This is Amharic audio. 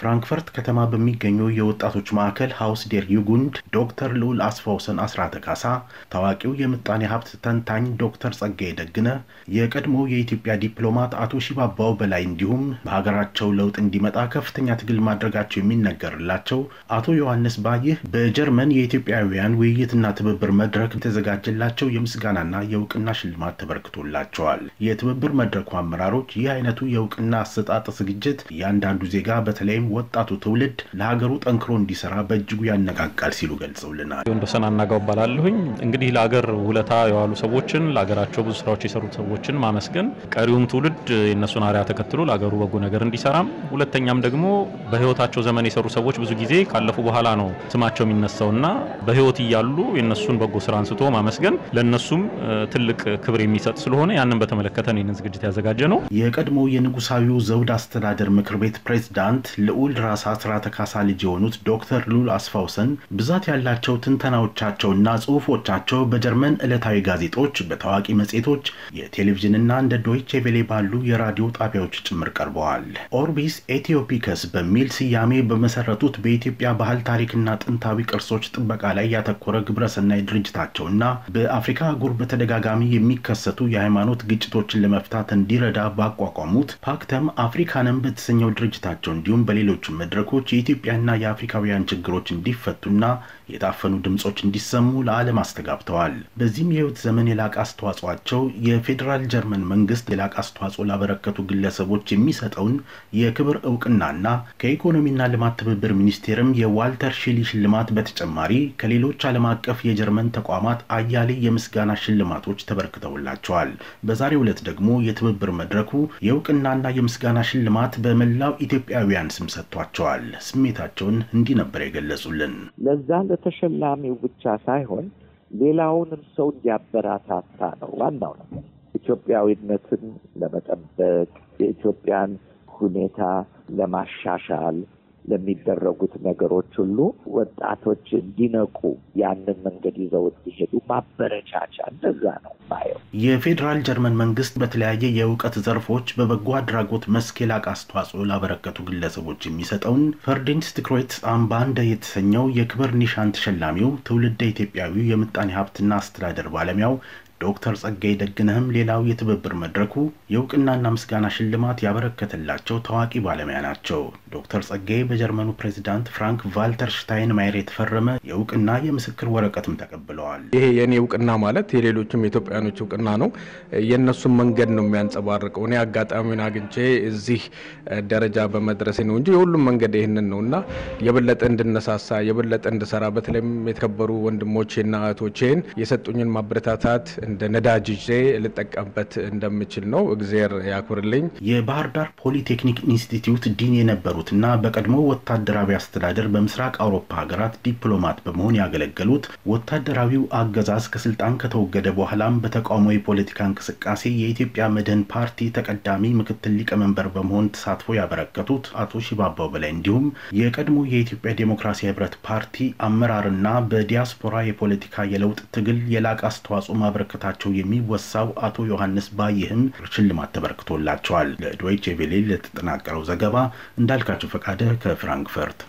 ፍራንክፈርት ከተማ በሚገኘው የወጣቶች ማዕከል ሀውስ ዴር ዩጉንድ ዶክተር ልዑል አስፋውሰን አስራተ ካሳ፣ ታዋቂው የምጣኔ ሀብት ተንታኝ ዶክተር ጸጋዬ ደግነ፣ የቀድሞው የኢትዮጵያ ዲፕሎማት አቶ ሺባባው በላይ እንዲሁም በሀገራቸው ለውጥ እንዲመጣ ከፍተኛ ትግል ማድረጋቸው የሚነገርላቸው አቶ ዮሐንስ ባይህ በጀርመን የኢትዮጵያውያን ውይይትና ትብብር መድረክ የተዘጋጀላቸው የምስጋናና የእውቅና ሽልማት ተበርክቶላቸዋል። የትብብር መድረኩ አመራሮች ይህ አይነቱ የእውቅና አሰጣጥ ዝግጅት እያንዳንዱ ዜጋ በተለይም ወጣቱ ትውልድ ለሀገሩ ጠንክሮ እንዲሰራ በእጅጉ ያነቃቃል ሲሉ ገልጸውልናል። በሰና አናጋው ባላለሁኝ እንግዲህ ለሀገር ውለታ የዋሉ ሰዎችን ለሀገራቸው ብዙ ስራዎች የሰሩ ሰዎችን ማመስገን፣ ቀሪውም ትውልድ የእነሱን አሪያ ተከትሎ ለሀገሩ በጎ ነገር እንዲሰራም፣ ሁለተኛም ደግሞ በህይወታቸው ዘመን የሰሩ ሰዎች ብዙ ጊዜ ካለፉ በኋላ ነው ስማቸው የሚነሳውና በህይወት እያሉ የእነሱን በጎ ስራ አንስቶ ማመስገን ለእነሱም ትልቅ ክብር የሚሰጥ ስለሆነ ያንን በተመለከተ ነው ይህንን ዝግጅት ያዘጋጀ ነው። የቀድሞው የንጉሳዊው ዘውድ አስተዳደር ምክር ቤት ፕሬዚዳንት ልዑ ልዑል ራስ አስራተ ካሳ ልጅ የሆኑት ዶክተር ሉል አስፋውሰን ብዛት ያላቸው ትንተናዎቻቸውና ጽሁፎቻቸው በጀርመን ዕለታዊ ጋዜጦች፣ በታዋቂ መጽሔቶች፣ የቴሌቪዥንና እንደ ዶይቼ ቬሌ ባሉ የራዲዮ ጣቢያዎች ጭምር ቀርበዋል። ኦርቢስ ኤትዮፒከስ በሚል ስያሜ በመሰረቱት በኢትዮጵያ ባህል ታሪክና ጥንታዊ ቅርሶች ጥበቃ ላይ ያተኮረ ግብረሰናይ ድርጅታቸውና በአፍሪካ አህጉር በተደጋጋሚ የሚከሰቱ የሃይማኖት ግጭቶችን ለመፍታት እንዲረዳ ባቋቋሙት ፓክተም አፍሪካንም በተሰኘው ድርጅታቸው እንዲሁም በሌሎ በሌሎቹም መድረኮች የኢትዮጵያና የአፍሪካውያን ችግሮች እንዲፈቱና የታፈኑ ድምጾች እንዲሰሙ ለዓለም አስተጋብተዋል። በዚህም የህይወት ዘመን የላቀ አስተዋጽቸው የፌዴራል ጀርመን መንግስት የላቀ አስተዋጽኦ ላበረከቱ ግለሰቦች የሚሰጠውን የክብር እውቅናና ከኢኮኖሚና ልማት ትብብር ሚኒስቴርም የዋልተር ሺሊ ሽልማት በተጨማሪ ከሌሎች ዓለም አቀፍ የጀርመን ተቋማት አያሌ የምስጋና ሽልማቶች ተበርክተውላቸዋል። በዛሬው ዕለት ደግሞ የትብብር መድረኩ የእውቅናና የምስጋና ሽልማት በመላው ኢትዮጵያውያን ስም ሰጥቷቸዋል። ስሜታቸውን እንዲህ ነበር የገለጹልን። ለዛ ለተሸላሚው ብቻ ሳይሆን ሌላውንም ሰው እንዲያበራታታ ነው ዋናው ነገር። ኢትዮጵያዊነትን ለመጠበቅ የኢትዮጵያን ሁኔታ ለማሻሻል ለሚደረጉት ነገሮች ሁሉ ወጣቶች እንዲነቁ ያንን መንገድ ይዘው እንዲሄዱ ማበረቻቻ እንደዛ ነው ማየው። የፌዴራል ጀርመን መንግስት በተለያየ የእውቀት ዘርፎች በበጎ አድራጎት መስክ የላቀ አስተዋጽኦ ላበረከቱ ግለሰቦች የሚሰጠውን ፈርዲንስት ክሮይት አምባንደ የተሰኘው የክብር ኒሻን ተሸላሚው ትውልደ ኢትዮጵያዊው የምጣኔ ሀብትና አስተዳደር ባለሙያው ዶክተር ጸጋይ ደግነህም ሌላው የትብብር መድረኩ የእውቅናና ምስጋና ሽልማት ያበረከተላቸው ታዋቂ ባለሙያ ናቸው። ዶክተር ጸጋይ በጀርመኑ ፕሬዚዳንት ፍራንክ ቫልተር ሽታይን ማየር የተፈረመ የእውቅና የምስክር ወረቀትም ተቀብለዋል። ይሄ የእኔ እውቅና ማለት የሌሎችም ኢትዮጵያኖች እውቅና ነው። የእነሱን መንገድ ነው የሚያንጸባርቀው። እኔ አጋጣሚውን አግኝቼ እዚህ ደረጃ በመድረሴ ነው እንጂ የሁሉም መንገድ ይህንን ነው እና የበለጠ እንድነሳሳ የበለጠ እንድሰራ በተለይም የተከበሩ ወንድሞቼና እህቶቼን የሰጡኝን ማበረታታት እንደ ነዳጅ ይዤ ልጠቀምበት እንደምችል ነው። እግዜር ያኩርልኝ። የባህር ዳር ፖሊቴክኒክ ኢንስቲትዩት ዲን የነበሩትና በቀድሞ ወታደራዊ አስተዳደር በምስራቅ አውሮፓ ሀገራት ዲፕሎማት በመሆን ያገለገሉት ወታደራዊው አገዛዝ ከስልጣን ከተወገደ በኋላም በተቃውሞ የፖለቲካ እንቅስቃሴ የኢትዮጵያ መድህን ፓርቲ ተቀዳሚ ምክትል ሊቀመንበር በመሆን ተሳትፎ ያበረከቱት አቶ ሽባባው በላይ እንዲሁም የቀድሞ የኢትዮጵያ ዴሞክራሲ ህብረት ፓርቲ አመራርና በዲያስፖራ የፖለቲካ የለውጥ ትግል የላቀ አስተዋጽኦ ማበረከት መበረከታቸው የሚወሳው አቶ ዮሐንስ ባይህም ሽልማት ተበርክቶላቸዋል። ለዶይቼ ቬሌ ለተጠናቀረው ዘገባ እንዳልካቸው ፈቃደ ከፍራንክፈርት